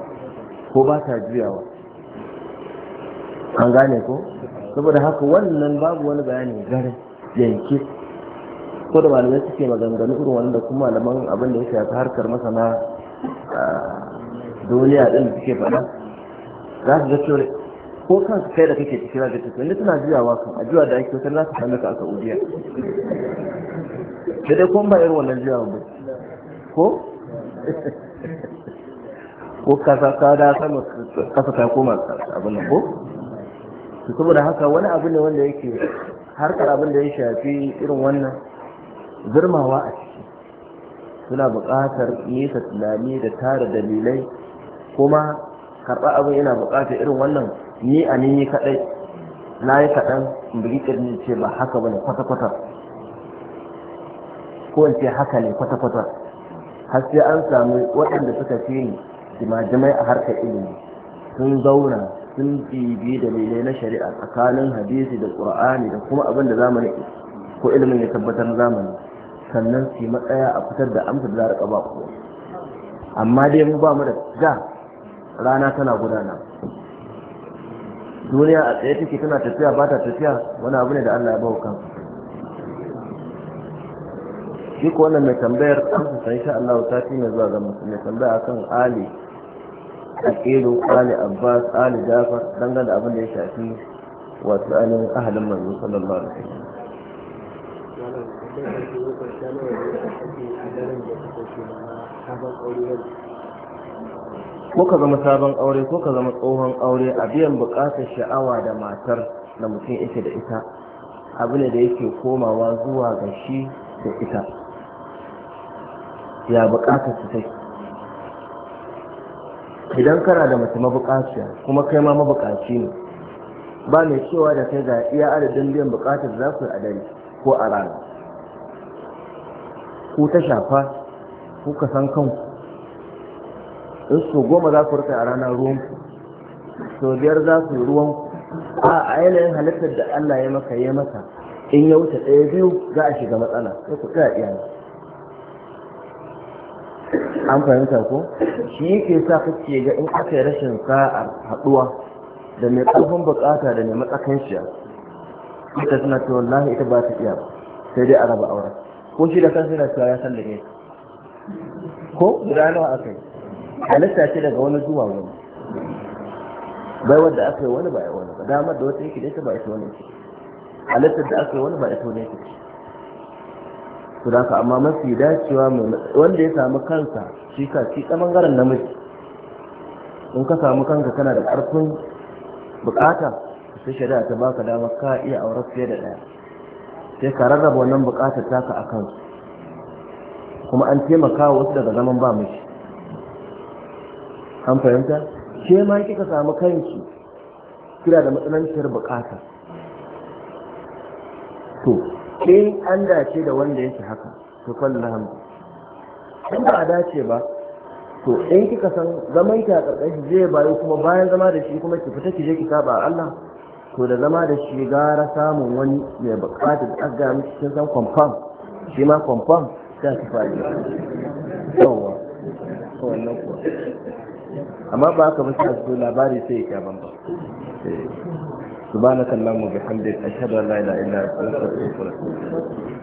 Speaker 1: ko ba ta juyawa an gane ko saboda haka wannan babu wani bayani garin yanke ko da malamai suke maganganu irin wani da kuma malaman abin da ya shafi harkar masana duniya din da suke faɗa za su ga cewa ko kansu kai da kake ciki za ka ce inda tana juyawa kan a juya da ake wutar za su sami ka a saudiya da dai kuma ba irin wannan juyawa ba ko ko kasa ka da sama kasa ta koma abin nan ko to saboda haka wani abu ne wanda yake harkar abin da ya shafi irin wannan girmawa a ciki suna buƙatar nesa tunani da tara dalilai kuma karɓar abin yana buƙatar irin wannan ni a ni kaɗai na yi kaɗan bugi ƙirni ce ba haka ba ne kwata-kwata ko in ce haka ne kwata-kwata har sai an samu waɗanda suka fi ni jimajimai a harkar ilimi sun zauna sun bibi dalilai na shari'a tsakanin hadisi da qur'ani da kuma abin da zamani ko ilimin ya tabbatar na zamani sannan su matsaya a fitar da amsa da za a riƙa ba kowa amma dai mu ba mu da ga rana tana gudana duniya a tsaye take tana tafiya ba ta tafiya wani abu ne da Allah ya ba kansa shi ko wannan mai tambayar amsa sai insha Allah sati ne zuwa ga mutum mai tambaya akan ali aqilu ali abbas ali jafar dangane da abin da ya shafi wato ainihin ahalin manzo sallallahu alaihi wasallam ko ka zama sabon aure ko ka zama tsohon aure a biyan bukatar sha'awa da matar da mutum yake da ita abu ne da yake komawa zuwa ga shi da ita ya bukatar su take idan kana da mace mabukaciya kuma kai ma mabukaci ne ba mai cewa da kai ga iya adadin biyan bukatar za ku a dare ko a rana ku ta shafa ku ka san kanku in su goma za ku rika a rana ruwan ku biyar za ku yi ruwan ku a yanayin halittar da Allah ya maka ya maka in ya wuce ɗaya biyu za a shiga matsala sai ku tsaya iyali an fahimta ko shi yake sa kake ga in aka yi rashin sa'ar haɗuwa da mai ƙarfin buƙata da mai matsakanciya ita suna ta wallahi ita ba ta iya ba sai dai a raba auren ko shi da kansa yana cewa ya san da ne ko guda nawa aka yi halitta ce daga wani zuwa wani bai wanda aka yi wani ba ya wani ba damar da wata yake da ita ba ita wani ce halittar da aka yi wani ba ita wani ce su da amma mafi dacewa wanda ya samu kansa shi ka ci ta bangaren namiji in ka samu kanka kana da ƙarfin bukata sai shari'a ta baka dama ka iya aure fiye da ɗaya sai ka rarraba wannan bukatar taka a kansu kuma an taimaka wasu daga zaman ba mashi an fahimta ke ma kika samu kanki kira da matsananciyar bukata to in an dace da wanda yake haka to fallahan in ba a dace ba to in kika san zaman ki a ƙarƙashin zai bayu kuma bayan zama da shi kuma ki fita ki je ki saba Allah to da zama da shi gara samun wani mai bukata da aka miki kin san confirm shi ma confirm sai ki fadi
Speaker 2: yawa to wannan kuwa
Speaker 1: amma ba ka ba sai labari sai ya ban ba
Speaker 2: subhanakallahumma bihamdika ashhadu an la a illa anta astaghfiruka wa atubu ilaik